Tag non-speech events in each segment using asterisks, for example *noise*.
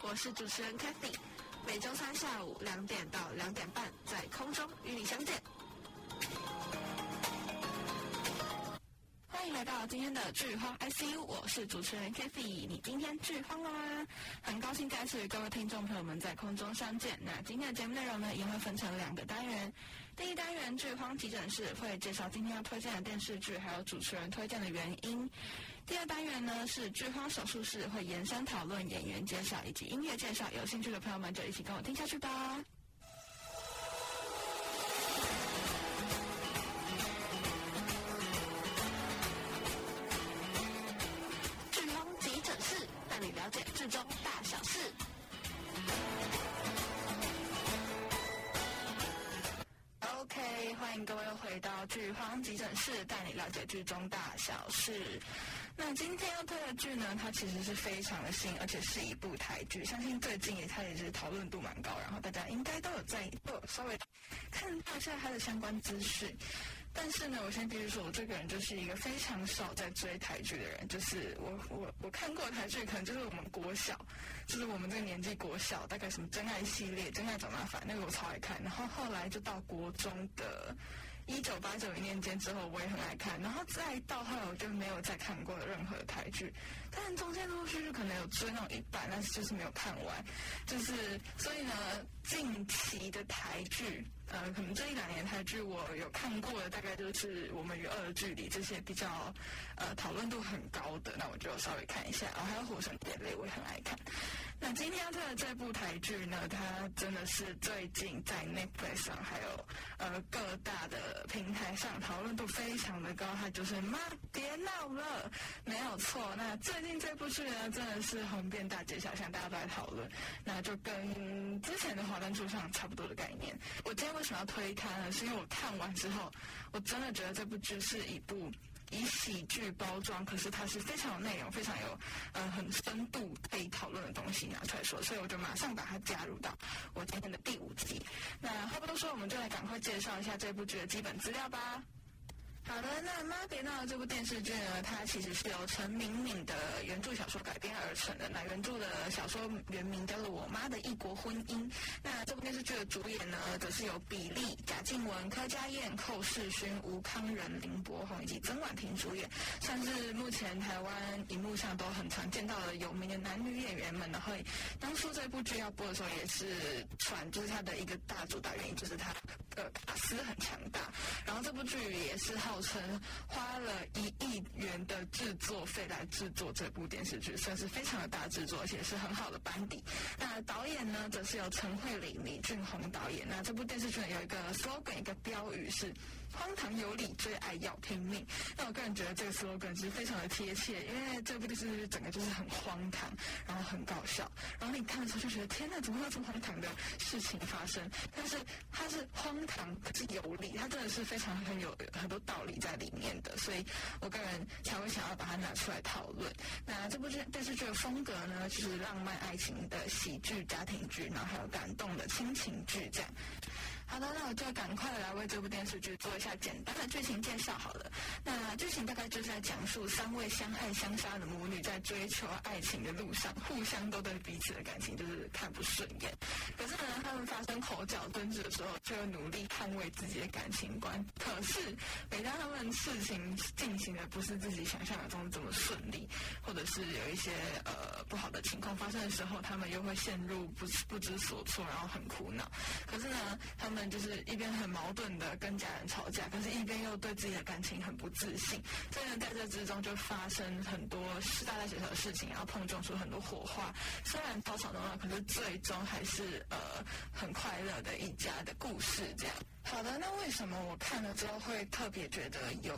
我是主持人 Kathy，每週三下午兩點到兩點半在空中與你相見。歡迎來到今天的《劇荒 ICU》，我是主持人 Kathy，你今天劇荒了嗎？很高興再次與各位聽眾朋友們在空中相見。那今天的節目內容呢，也會分成兩個單元。第一單元《劇荒急診室》會介紹今天要推薦的電視劇，還有主持人推薦的原因。第二單元呢，是劇荒手術室，會延伸討論演員介紹以及音樂介紹，有興趣的朋友們就一起跟我聽下去吧。今天要推的劇呢，它其實是非常的新，而且是一部台劇。相信最近也它也是討論度蠻高，然後大家應該都有在都有稍微看到一下它的相關資訊。但是呢，我先必須說，我這個人就是一個非常少在追台劇的人，就是我我我看過的台劇，可能就是我們國小，就是我們這個年紀國小，大概什麼真愛系列、真愛找麻煩那個我超愛看，然後後來就到國中的。一九八九一念間之後，我也很愛看，然後再到後來我就沒有再看過任何的台劇，但中間陸陸續續可能有追到一半，但是就是沒有看完，就是所以呢。近期的台劇，呃，可能這一兩年台劇我有看過的，大概就是《我們與惡的距離》這些比較呃討論度很高的，那我就稍微看一下。哦，還有《火神的眼淚》，我也很愛看。那今天他的這部台劇呢，它真的是最近在 Netflix 上，還有呃各大的平台上討論度非常的高。它就是“媽，別鬧了”，沒有錯。那最近這部劇呢，真的是紅遍大街小巷，大家都在討論。那就跟之前的話。跟書上差不多的概念。我今天為什麼要推它呢？是因為我看完之後，我真的覺得這部劇是一部以喜劇包裝，可是它是非常有內容、非常有呃很深度可以討論的東西拿出來說。所以我就馬上把它加入到我今天的第五集。那話不多說，我們就來趕快介紹一下這部劇的基本資料吧。好的，那《媽別鬧》這部電視劇呢，它其實是由陳明敏的原著小說改編而成的。那原著的小說原名叫做《我媽的異國婚姻》。那這部電視劇的主演呢，則是由比利、賈靜雯、柯佳嬿、寇世勳、吳康仁、林柏宏以及曾莞婷主演，算是目前台灣熒幕上都很常見到的有名的男女演員們。的會當初這部劇要播的時候，也是傳就是他的一個大主打原因，就是他的卡司很強大。然後，這部劇也是後。成花了一億元的製作費來製作這部電視劇，算是非常的大製作，而且是很好的班底。那導演呢，則是由陳慧玲、李俊宏導演。那這部電視劇有一個 slogan，一個標語是。荒唐有理，追愛要拼命。那我個人覺得這個 slogan 其實非常的貼切，因為這部電視劇整個就是很荒唐，然後很搞笑，然後你看的時候就覺得天哪，怎麼會有這麼荒唐的事情發生？但是它是荒唐，可是有理，它真的是非常很有，有很多道理在裡面的，所以我個人才會想要把它拿出來討論。那這部電視劇的風格呢，就是浪漫愛情的喜劇、家庭劇，然後還有感動的親情劇這樣。好的，那我就趕快來為這部電視劇做一下簡單的劇情介紹好了。那劇情大概就是在講述三位相愛相殺的母女在追求愛情的路上，互相都對彼此的感情就是看不順眼。可是呢，他們發生口角爭執的時候，就會努力捍衛自己的感情觀。可是每當他們事情進行的不是自己想象中這麼順利，或者是有一些呃不好的情況發生的時候，他們又會陷入不不知所措，然後很苦惱。可是呢，他們就是一邊很矛盾的跟家人吵架，可是一邊又對自己的感情很不自信。這樣，在這之中就發生很多大大小小的事情，然後碰撞出很多火花。雖然吵吵鬧鬧，可是最終還是呃很快樂的一家的故事。這樣，好的，那為什麼我看了之後會特別覺得有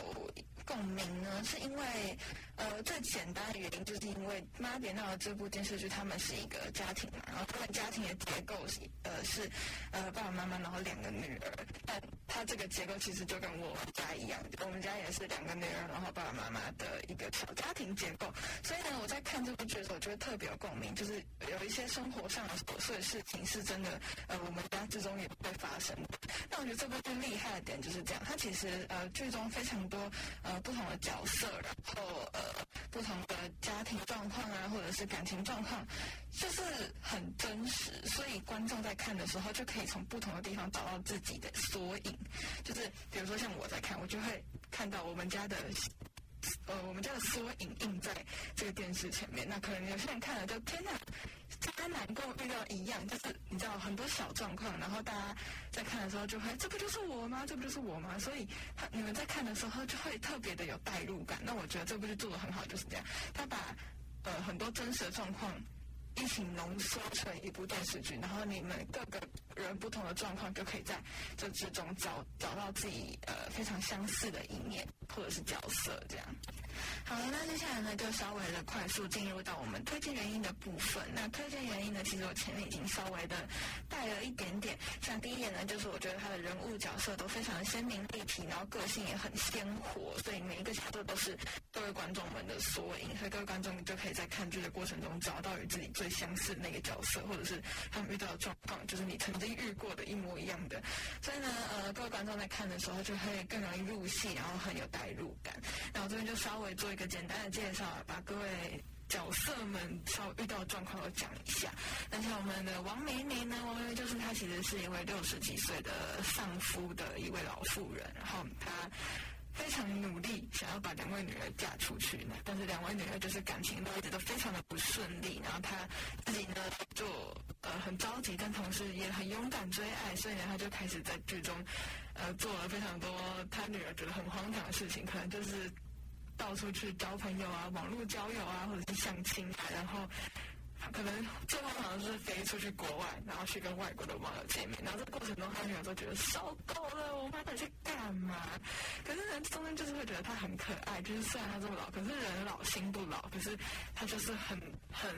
共鳴呢？是因為。呃，最簡單的原因就是因為《媽！別鬧了》這部電視劇，他們是一個家庭嘛，然後他們家庭的結構是呃是呃爸爸媽媽，然後兩個女兒，但它這個結構其實就跟我家一樣，我們家也是兩個女兒，然後爸爸媽媽的一個小家庭結構。所以呢，我在看這部劇的時候，我覺得特別有共鳴，就是有一些生活上的瑣碎事情是真的，呃，我們家之中也會發生的。那我覺得這部劇厲害的點就是這樣，它其實呃劇中非常多呃不同的角色，然後呃。不同的家庭狀況啊，或者是感情狀況，就是很真實，所以觀眾在看的時候，就可以從不同的地方找到自己的縮影。就是比如說像我在看，我就會看到我們家的。呃，我們家的縮影印在這個電視前面。那可能有些人看了就天哪，渣男跟我遇到一樣，就是你知道很多小狀況，然後大家在看的時候就會，這不就是我嗎？這不就是我嗎？所以你們在看的時候就會特別的有代入感。那我覺得這部劇做的很好，就是這樣，他把呃很多真實的狀況。一起濃縮成一部電視劇，然後你們各個人不同的狀況就可以在這之中找找到自己呃非常相似的一面或者是角色這樣。好了，那接下來呢，就稍微的快速進入到我們推薦原因的部分。那推薦原因呢，其實我前面已經稍微的帶了一點點。像第一點呢，就是我覺得他的人物角色都非常的鮮明立體，然後個性也很鮮活，所以每一個角色都是各位觀眾們的縮影，所以各位觀眾就可以在看劇的過程中找到與自己。最相似的那個角色，或者是他們遇到的狀況，就是你曾經遇過的一模一樣的。所以呢，呃，各位觀眾在看的時候，就會更容易入戲，然後很有代入感。那我這邊就稍微做一個簡單的介紹，把各位角色們稍微遇到的狀況都講一下。那像我們的王明明呢，王明明就是他其實是一位六十幾歲的喪夫的一位老婦人，然後他。非常努力想要把兩位女兒嫁出去，但是兩位女兒就是感情都一直都非常的不順利。然後她自己呢，就呃很着急，但同時也很勇敢追愛，所以呢，她就開始在劇中呃做了非常多她女兒覺得很荒唐的事情，可能就是到處去交朋友啊，網絡交友啊，或者是相親，然後。可能最後好像是飛出去國外，然後去跟外國的網友見面。然後這個過程中，他女兒都覺得受夠了，我媽到底去幹嘛？可是人中間就是會覺得他很可愛，就是雖然他這麼老，可是人老心不老。可是他就是很很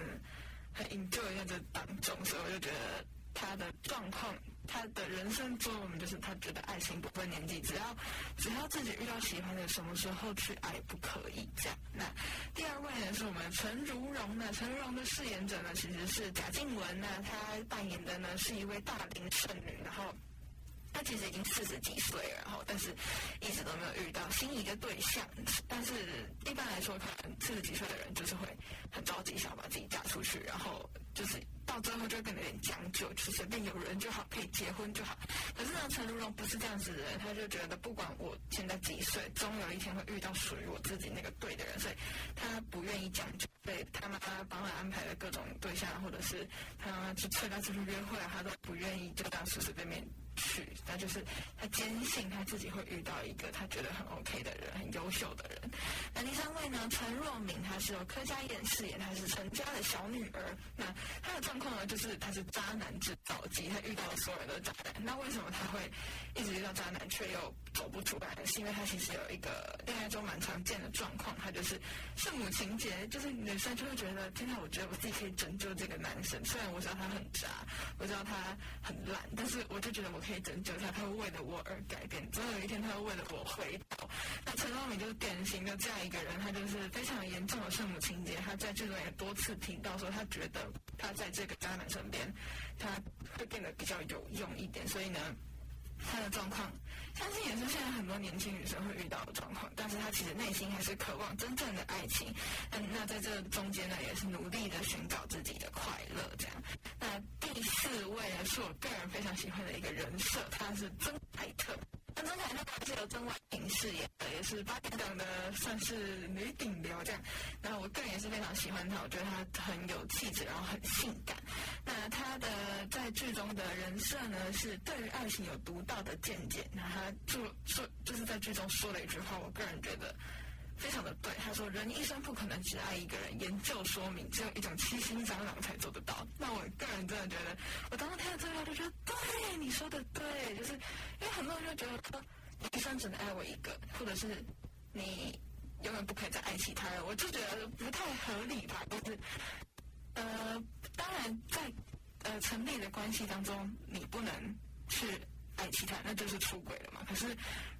很 enjoy 在這當中，所以我就覺得他的狀況。他的人生中，我們就是他覺得愛情不分年紀，只要只要自己遇到喜歡的，什麼時候去愛不可以這樣？那第二位呢，是我們陳如蓉呢，陳如蓉的飾演者呢其實是賈靜雯呢，她扮演的呢是一位大齡剩女，然後。他其實已經四十幾歲了，然後但是一直都沒有遇到心儀的對象。但是一般來說，可能四十幾歲的人就是會很着急，想要把自己嫁出去，然後就是到最後就會變得有點將就，就隨便有人就好，可以結婚就好。可是呢，陳如蓉不是這樣子的人，他就覺得不管我現在幾歲，終有一天會遇到屬於我自己那個對的人，所以他不願意將就，被他媽媽幫他安排的各種對象，或者是他媽去催他出去約會，他都不願意就這樣隨隨便便。去，那就是他堅信他自己會遇到一個他覺得很 OK 的人，很優秀的人。那第三位呢？陳若敏，她是由柯佳嬿飾演，她是陳家的小女兒。那她的狀況呢，就是她是渣男製造機，她遇到了所有的渣男。那為什麼她會一直遇到渣男，卻又走不出來呢？是因為她其實有一個戀愛中蠻常見的狀況，她就是聖母情節，就是女生就會覺得，天啊，我覺得我自己可以拯救這個男生，雖然我知道他很渣，我知道他很爛，但是我就覺得我。可以拯救他，他會為了我而改變。總有一天他會為了我回頭。那陳若敏就是典型的這樣一個人，他就是非常嚴重的聖母情結。他在劇中也多次提到說，他覺得他在這個渣男身邊，他會變得比較有用一點。所以呢，他的狀況。相信。很多年輕女生會遇到的狀況，但是她其實內心還是渴望真正的愛情。嗯，那在這中間呢，也是努力的尋找自己的快樂。這樣，那第四位呢，是我個人非常喜歡的一個人設，她是真愛。特。張子楓，她、嗯、是由曾莞婷飾演的，也是八點檔的，算是女頂流這樣。然後我個人也是非常喜歡她，我覺得她很有氣質，然後很性感。那她的在劇中的人設呢，是對於愛情有獨到的見解。她就說，就是在劇中說了一句話，我個人覺得。非常的對，他說人一生不可能只愛一個人，研究說明只有一種七星蟑螂才做得到。那我個人真的覺得，我當時聽了之後就覺得，對，你說的對，就是因為很多人就覺得說，一生只能愛我一個，或者是你永遠不可以再愛其他人，我就覺得不太合理吧，就是呃，當然在呃成立的關係當中，你不能去愛其他人，那就是出軌了嘛。可是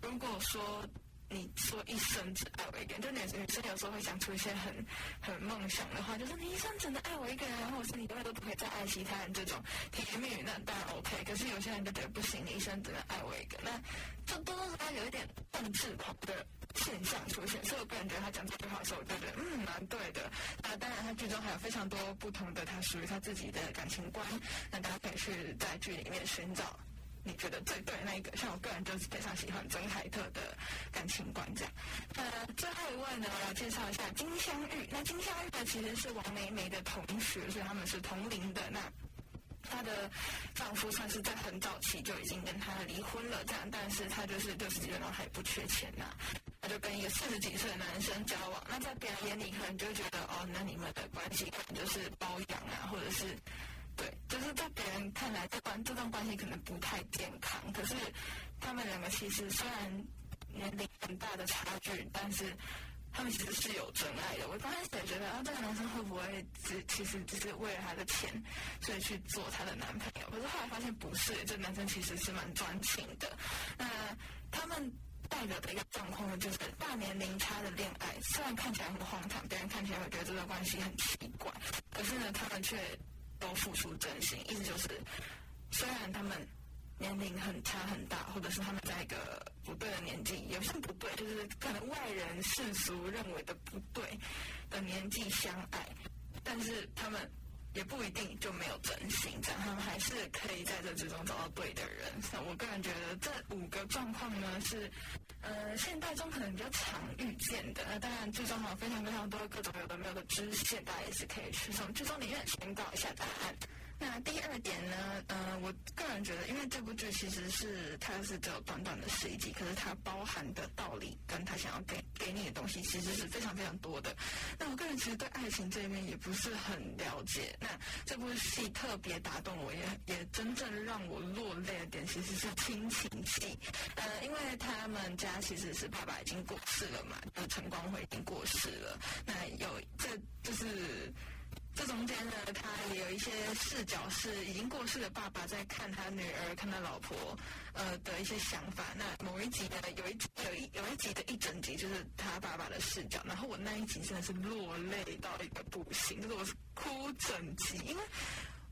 如果說。你說一生只愛我一個，就女女生有時候會講出一些很很夢想的話，就是你一生只能愛我一個人，然後我說你永遠都不會再愛其他人，這種甜言蜜語，那當然 OK。可是有些人就覺得不行，你一生只能愛我一個，那這多多少少有一點控制狂的現象出現，所以我個人覺得他講這句話的時候我就覺得嗯蠻對的。那當然他劇中還有非常多不同的他屬於他自己的感情觀，那大家可以去在劇裡面尋找。你覺得最對的那一個？像我個人就是非常喜歡曾凱特的感情觀這樣。那、呃、最後一位呢，我要介紹一下金鑲玉。那金鑲玉呢其實是王梅梅的同學，所以他們是同齡的。那她的丈夫算是在很早期就已經跟她離婚了，這樣。但是她就是六十幾歲，她、就、也、是、不缺錢吶、啊，她就跟一個四十幾歲的男生交往。那在別人眼裡可能就覺得哦，那你們的關係可能就是包養啊，或者是。對，就是在別人看來，這關這段關係可能不太健康。可是他們兩個其實雖然年齡很大的差距，但是他們其實是有真愛的。我剛開始也覺得，啊，這個男生會不會只其實只是為了他的錢，所以去做他的男朋友？可是後來發現不是，這男生其實是蠻專情的。那他們代表的一個狀況呢，就是大年齡差的戀愛，雖然看起來很荒唐，別人看起來會覺得這段關係很奇怪，可是呢，他們卻。都付出真心，意思就是，雖然他們年齡很差很大，或者是他們在一個不對的年紀，也不是不對，就是可能外人世俗認為的不對的年紀相愛，但是他們也不一定就沒有真心，這樣他們還是可以在這之中找到對的人。我個人覺得這五個狀況呢是。呃，現代中可能比較常遇見的，那當然劇中還有非常非常多各種有的沒有的支線，大家也是可以去從劇中裡面尋找一下答案。那第二點呢？呃，我個人覺得，因為這部劇其實是它，是只有短短的十一集，可是它包含的道理跟它想要給給你的東西，其實是非常非常多的。是那我個人其實對愛情這一面也不是很了解。那這部戲特別打動我也，也也真正讓我落淚的點，其實是親情戲。呃，因為他們家其實是爸爸已經過世了嘛，就陳光輝已經過世了。那有這就，就是。這中間呢，他也有一些視角，是已經過世的爸爸在看他女兒、看他老婆，呃的一些想法。那某一集呢，有一有一有一集的一整集就是他爸爸的視角。然後我那一集真的是落淚到一個不行，就是我是哭整集。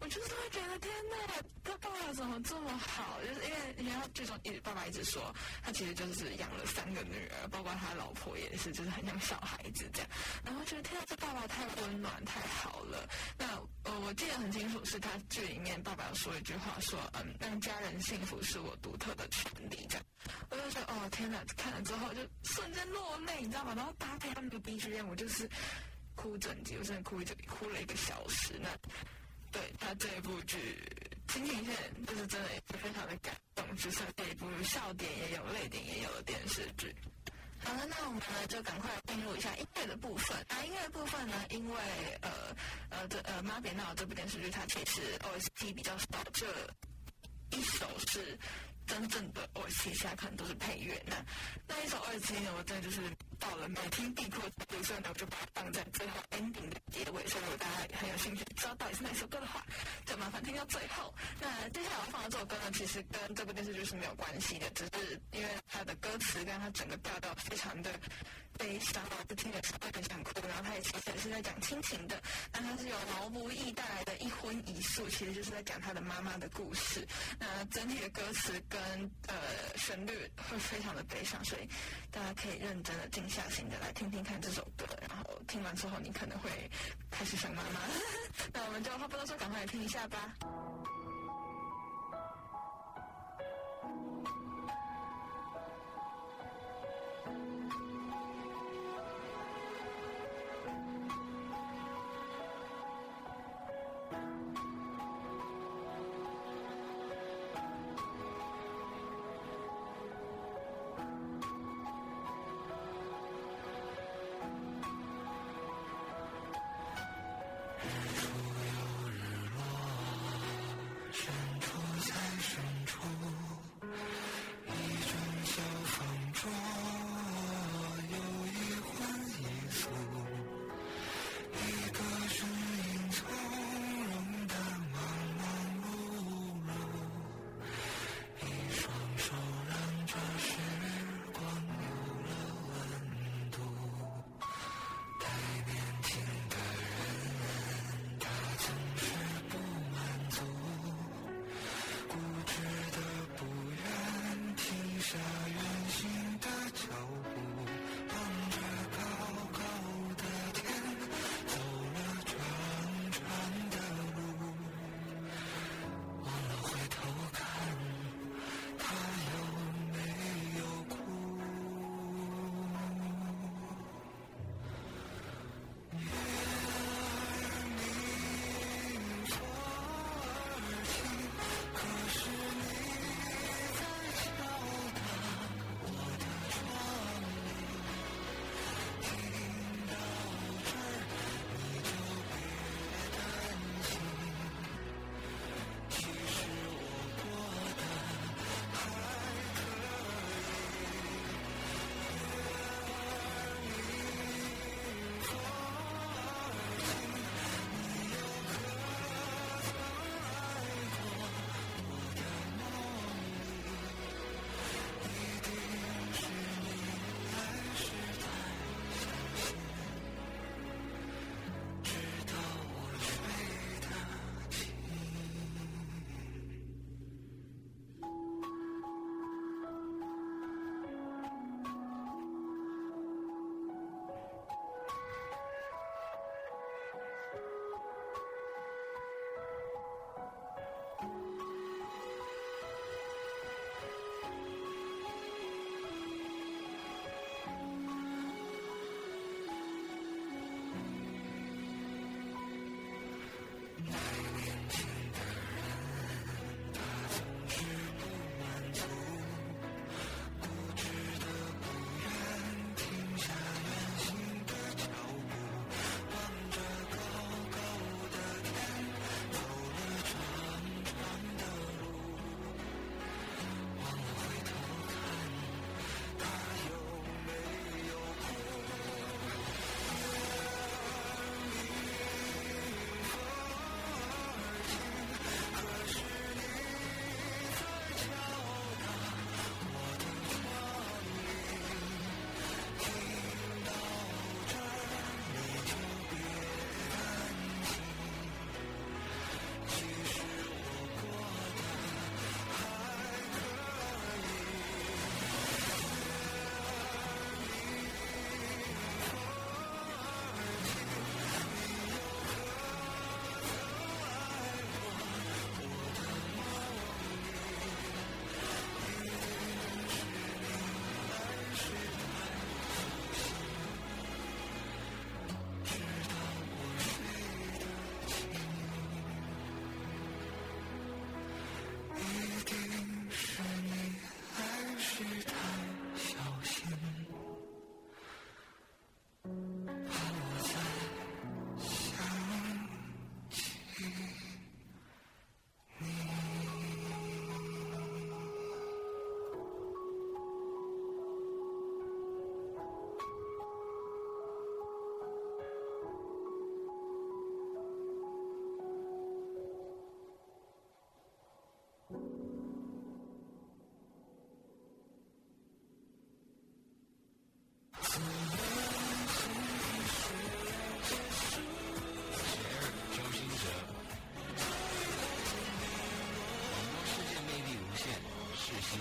我就是會覺得天哪，這爸爸怎麼這麼好？就是因為你看他最終，爸爸一直說他其實就是養了三個女兒，包括他老婆也是，就是很像小孩子這樣。然後覺得天哪，這爸爸太溫暖，太好了。那呃，我記得很清楚，是他劇裡面爸爸說一句話說，說嗯，讓、嗯、家人幸福是我獨特的權利。這樣，我就覺得哦天哪，看了之後就瞬間落淚，你知道嗎？然後搭配他們的 BGM，我就是哭整集，我真的哭一整哭了一個小時呢。那對他這一部劇，聽聽《親情線》就是真的也是非常的感動，就是這一部笑點也有、淚點也有的電視劇。好了，那我們呢就趕快進入一下音樂的部分。啊、音樂的部分呢，因為呃呃這呃《媽別鬧》這部電視劇它其實二 t 比較少，這一首是真正的二 t 現在可能都是配樂。那那一首二期呢，我真的就是到了每聽必哭的階呢我就把它放在最後 ending 的結尾，所以我大家很有興趣。不知道到底是哪首歌的話，就麻煩聽到最後。那接下來我要放的這首歌呢，其實跟這部電視劇是沒有關係的，只是因為它的歌詞跟它整個調調非常的悲傷，啊，我聽的時候很想哭，然後它其實也是在講親情的。那它是由毛不易帶來的一葷一素，其實就是在講他的媽媽的故事。那整體的歌詞跟呃旋律會非常的悲傷，所以大家可以認真的、靜下心的來聽聽看這首歌。然後聽完之後，你可能會開始想媽媽呵呵。那、嗯、我們就話不多說，趕快來聽一下吧。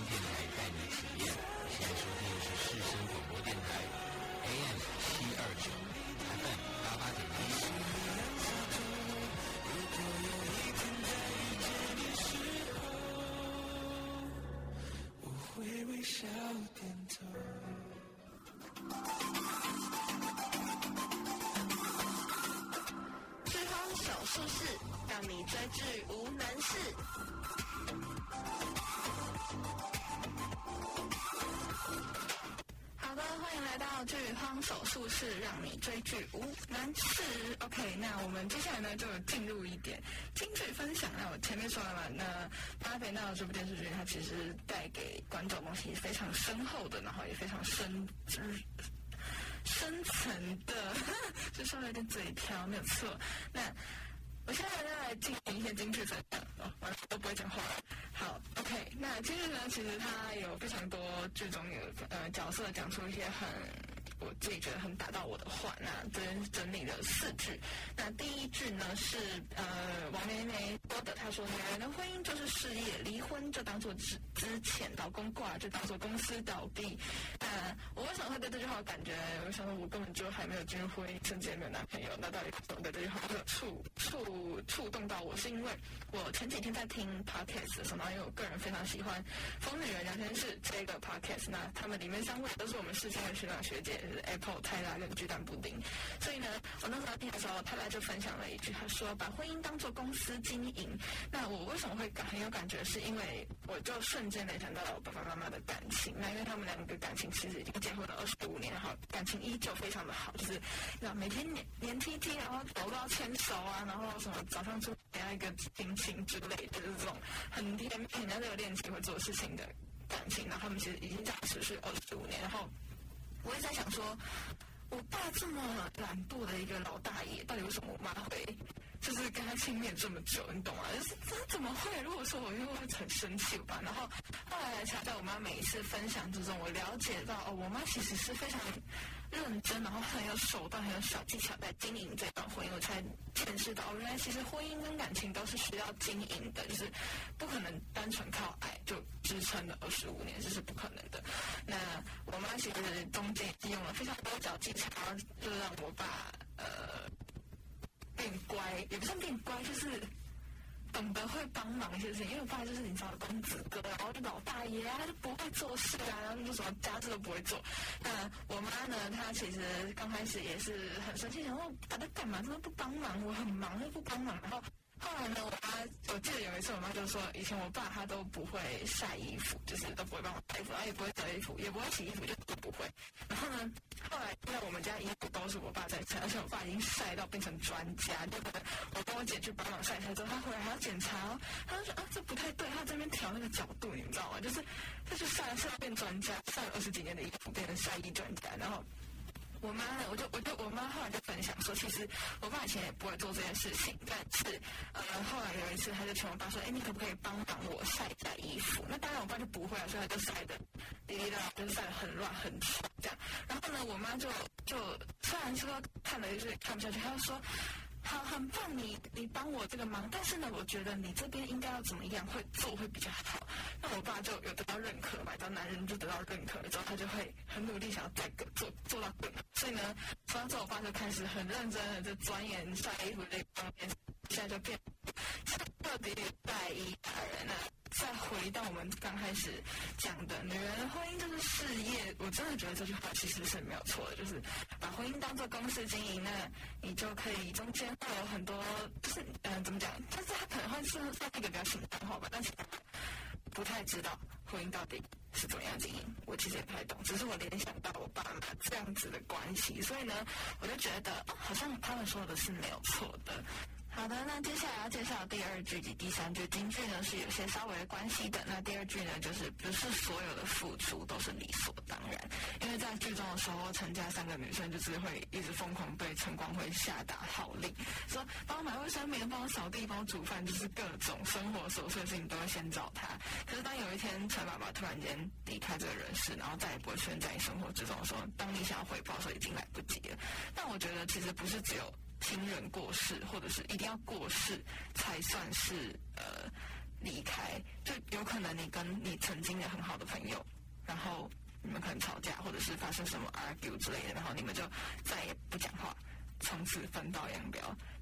電台帶你體驗，現在收聽的是視聲廣播電台，AM 七二九，FM 八八點。手術室讓你追劇無難事。OK，那我們接下來呢就進入一點金句分享。那我前面說了嘛，那巴菲娜《巴比的這部電視劇，它其實帶給觀眾東西非常深厚的，然後也非常深、呃、深層的， *laughs* 就稍微有點嘴瓢，沒有錯。那我現在要來進行一些金句分享，我、哦、都不會講話了。好，OK，那金句呢，其實它有非常多劇中有呃角色講出一些很我自己覺得很打到我的話啊，那整整理了四句。那第一句呢是呃，王梅梅。他說：“男人的婚姻就是事業，離婚就當做之之前，老公掛就當做公司倒閉。”呃，我為什麼會對這句話感覺，為什麼我根本就還沒有進入婚姻，甚至也沒有男朋友，那到底怎麼對這句話觸觸觸動到我？是因為我前幾天在聽 podcast，什麼因為我個人非常喜歡《瘋女人聊天室》這個 podcast，那他們裡面三位都是我們世新的學長學姐，Apple、是 Apple、泰拉跟巨蛋布丁。所以呢，我那時候聽的時候，泰拉就分享了一句，他說：“把婚姻當做公司經營。”那我為什麼會感很有感覺？是因為我就瞬間聯想到了我爸爸媽媽的感情。那因為他們兩個感情其實已經結婚了二十五年，然後感情依舊非常的好，就是，那每天黏黏貼貼，然後走到牽手啊，然後什麼早上出，給他一個親情、情之類的這種很甜甜的這個戀情會做事情的感情。然後他們其實已經在一起持續二十五年，然後我也在想說，我爸這麼懶惰的一個老大爺，到底為什麼我媽會？就是跟他見面這麼久，你懂嗎？就是這怎麼會？如果說我就會很生氣吧。然後後來才來在我媽每一次分享之中，我了解到哦，我媽其實是非常認真，然後很有手段，很有小技巧在經營這段婚姻。我才見識到哦，原來其實婚姻跟感情都是需要經營的，就是不可能單純靠愛就支撐了二十五年，這是不可能的。那我媽其實是中間用了非常多小技巧，就讓我爸呃。變乖，也不算變乖，就是懂得會幫忙一些事情。因為我爸就是你知道，公子哥，然後就老大爺啊，他就不會做事啊，他就什麼家事都不會做。那我媽呢，她其實剛開始也是很生氣，想說他、啊、幹嘛，他不幫忙，我很忙又不幫忙。然後……後來呢，我媽，我記得有一次，我媽就說，以前我爸他都不會曬衣服，就是都不會幫我曬衣服，而且也不會折衣服，也不會洗衣服，就都不會。然後呢，後來因為我們家衣服都是我爸在曬，而且我爸已經曬到變成專家，就是我跟我就幫我姐去幫忙曬曬之後，他回來還要檢查哦，他就說啊，這不太對，他在這邊調那個角度，你們知道嗎？就是他就曬曬到變專家，曬了二十幾年的衣服，變成曬衣專家，然後。我媽呢，我就我就我媽後來就分享說，其實我爸以前也不會做這件事情，但是呃，後來有一次，他就求我爸說，哎，你可不可以幫幫我曬曬衣服？那當然我爸就不會了，所以他就曬的滴滴答答，就是曬的很亂很醜這樣。然後呢，我媽就就雖然說看了就是看不下去，她就說。好，很棒，你你幫我這個忙，但是呢，我覺得你這邊應該要怎麼樣會做會比較好。那我爸就有得到認可嘛，當男人就得到認可，之後他就會很努力想要再做做到更好。所以呢，從那之後我爸就開始很認真地就鑽研曬衣服這方面，現在就變得特別在意大人呢再回到我們剛開始講的女人，婚姻就是事業，我真的覺得這句話其實是，是沒有錯的，就是把婚姻當做公司經營，那你就可以中間會有很多，就是嗯、呃，怎麼講？就是他可能會是那個比較形象的話吧，但是不太知道婚姻到底是怎麼樣經營，我其實也不太懂，只是我聯想到我爸媽這樣子的關係，所以呢，我就覺得哦，好像他們說的是沒有錯的。好的，那接下來要介紹第二句及第三句。金句呢是有些稍微的關係的。那第二句呢，就是不是所有的付出都是理所當然。因為在劇中的時候，陳家三個女生就是會一直瘋狂被陳光輝下達號令，說幫我買衛生棉，幫我掃地，幫我煮飯，就是各種生活瑣碎事情都會先找他。可是當有一天陳爸爸突然間離開這個人世，然後再也不會出現在你生活之中的時候，當你想要回報的時候已經來不及了。但我覺得其實不是只有。親人過世，或者是一定要過世才算是呃離開，就有可能你跟你曾經的很好的朋友，然後你們可能吵架，或者是發生什麼 argue 之類的，然後你們就再也不講話，從此分道揚鑣。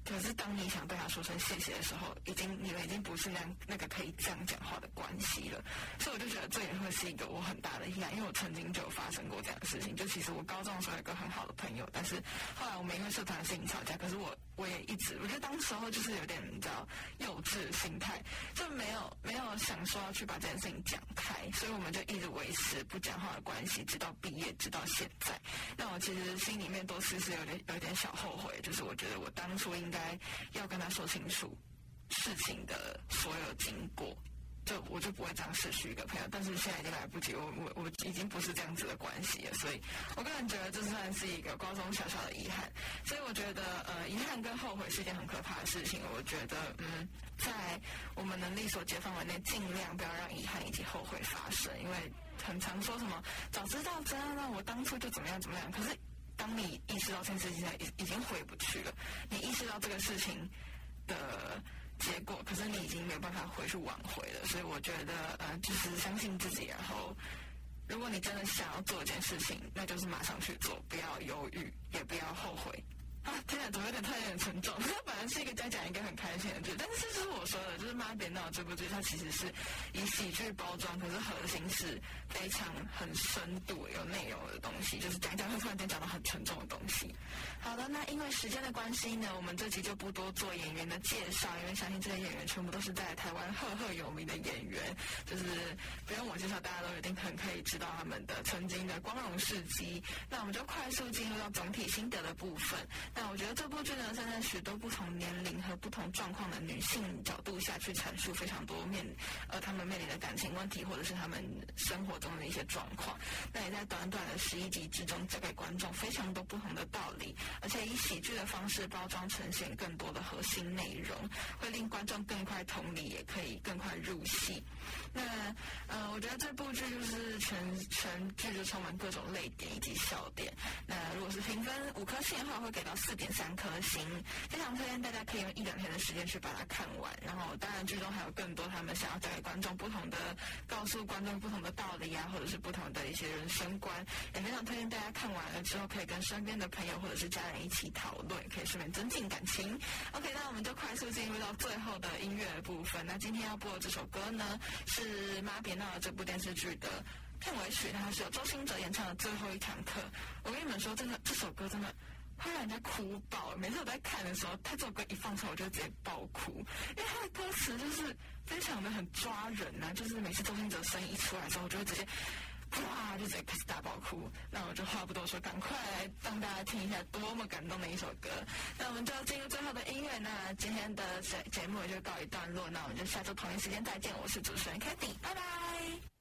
可是當你想對他說聲謝謝的時候，已經你們已經不是那樣那個可以這樣講話的關係了。所以我就覺得這也會是一個我很大的遺憾，因為我曾經就發生過這樣的事情。就其實我高中的時候有一個很好的朋友，但是後來我們因為社團的事情吵架。可是我我也一直我覺得當時候就是有點比較幼稚的心態，就沒有沒有想說要去把這件事情講開，所以我們就一直維持不講話的關係，直到畢業，直到現在。那我其實心裡面都是是有點有點小後悔，就是我覺得我當初應該。來要跟他說清楚事情的所有經過，就我就不會這樣失去一個朋友。但是現在已經來不及，我我我已經不是這樣子的關係了，所以我個人覺得這算是一個高中小小的遺憾。所以我覺得，呃，遺憾跟後悔是一件很可怕的事情。我覺得，嗯，在我們能力所及範圍內，盡量不要讓遺憾以及後悔發生，因為很常說什麼早知道這樣了，那我當初就怎麼樣怎麼樣。可是。當你意識到這件事情已已經回不去了，你意識到這個事情的結果，可是你已經沒有辦法回去挽回了。所以我覺得，呃，就是相信自己，然後，如果你真的想要做一件事情，那就是馬上去做，不要猶豫，也不要後悔。怎麼有點太有點沉重，他本來是一個在講一個很開心的劇，但是這就是我說的，就是媽別鬧這部劇，它其實是以喜劇包裝，可是核心是非常很深度有內容的東西，就是講講會突然間講到很沉重的東西。好的，那因為時間的關係呢，我們這期就不多做演員的介紹，因為相信這些演員全部都是在台灣赫赫有名的演員，就是不用我介紹，大家都一定很可以知道他們的曾經的光榮事跡。那我們就快速進入到總體心得的部分。那我覺得。這部劇呢，站在許多不同年齡和不同狀況的女性角度下去闡述非常多面呃，她們面臨的感情問題，或者是她們生活中的一些狀況。那也在短短的十一集之中，帶給觀眾非常多不同的道理，而且以喜劇的方式包裝呈現更多的核心內容，會令觀眾更快同理，也可以更快入戲。那呃，我覺得這部劇就是全全劇就充滿各種淚點以及笑點。那如果是評分五顆星的話，會給到四點三。可行，非常推薦大家可以用一兩天的時間去把它看完。然後，當然劇中還有更多他們想要帶給觀眾不同的、告訴觀眾不同的道理啊，或者是不同的一些人生觀。也非常推薦大家看完了之後，可以跟身邊的朋友或者是家人一起討論，可以順便增進感情。OK，那我們就快速進入到最後的音樂的部分。那今天要播的這首歌呢，是《媽！別鬧了》這部電視劇的片尾曲，它是由周興哲演唱的《最後一堂課》。我跟你們說，真的，這首歌真的。突然就哭爆！每次我在看的時候，他這首歌一放出來，我就直接爆哭，因為他的歌詞就是非常的很抓人吶、啊，就是每次周興哲的聲音一出來的時候，我就會直接，哇，就直接開始大爆哭。那我就話不多說，趕快來讓大家聽一下多麼感動的一首歌。那我們就要進入最後的音樂，那今天的節節目也就告一段落。那我們就下周同一時間再見，我是主持人 Katy，拜拜。